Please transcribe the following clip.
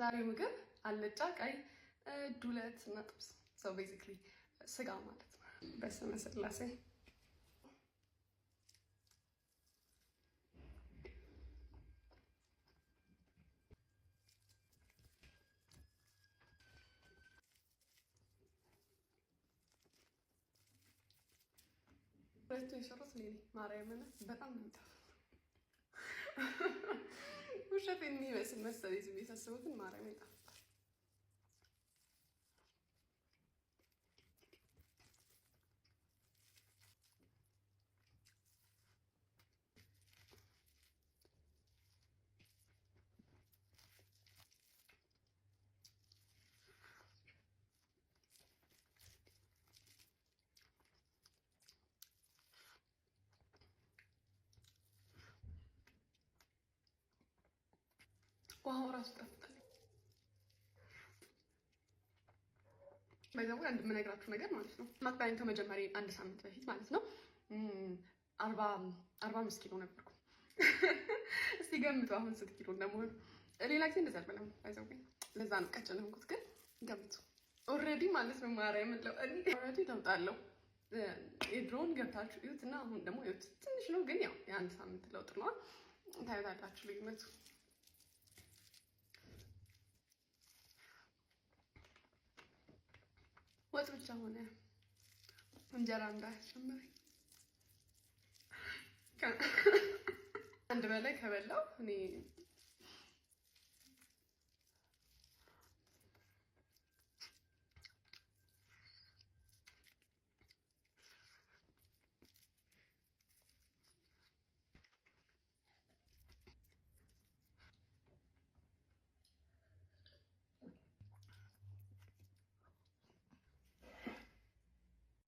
የዛሬው ምግብ አልጫ፣ ቀይ ዱለት እና ጥብስ ሰው ቤዚክሊ ስጋ ማለት ነው። በስመ ስላሴ ሁለቱ የሰሩት ሌሊ ማርያምን በጣም ነው ሽረፍ የሚመስል መሰለኝ ዝም የሳሰቡትን ማርያም ይጣፍጣል። ራሱ ይጣፍጣል። ባይዘው የምነግራችሁ ነገር ማለት ነው ማጥባያን ከመጀመሪያ አንድ ሳምንት በፊት ማለት ነው አርባ አምስት ኪሎ ነበርኩ። እስቲ ገምቱ አሁን ስት ኪሎ እንደመሆን። ሌላ ጊዜ እንደዛ አልበላም ባይዘው ለዛ ነው ቀጭን የሆንኩት። ግን ገምቱ ኦልሬዲ ማለት ነው ማርያም ለው ኦልሬዲ ለውጣለሁ። የድሮውን ገብታችሁ እዩት እና አሁን ደግሞ እዩት። ትንሽ ነው ግን ያው የአንድ ሳምንት ለውጥ ነዋ። ታዩታላችሁ ልዩነቱ። ወጥ ብቻ ሆነ። እንጀራ እንዳያስጨምር አንድ በላይ ከበላው እኔ